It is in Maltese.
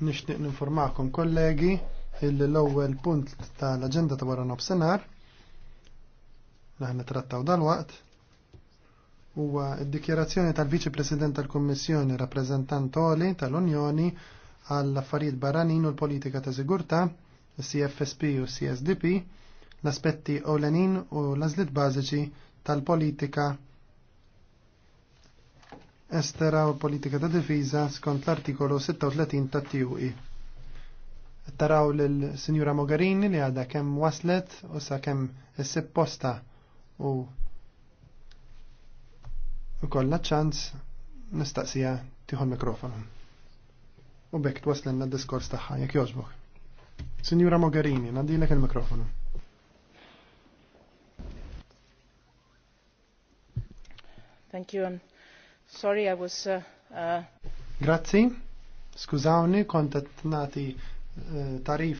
nishtiq ninformakom kollegi illi l-ewwel punt tal-aġenda ta' wara nofsinhar aħna trattaw dal-waqt huwa d-dikjerazzjoni tal-Viċi President tal-Kummissjoni Rappreżentantoli tal-Unjoni għall-affarijiet barranin u l-politika ta' sigurtà, CFSP u CSDP, l-aspetti ewlenin u l-azlit bażiċi tal-politika estera u politika ta' difiża skont l-artikolu 36 ta' TUI. E. Taraw l-Sinjura Mogherini li għadha kemm waslet u sa' kem s posta u u kolla ċans nistaqsija tiħol mikrofonu. U bekk l diskors taħħa, jek joġbok. Signora Mogherini, nadilek il-mikrofonu. Thank you. Um, Sorry, I was... Uh, uh... Grazzi. Skużawni, kontat nati uh, eh, tarif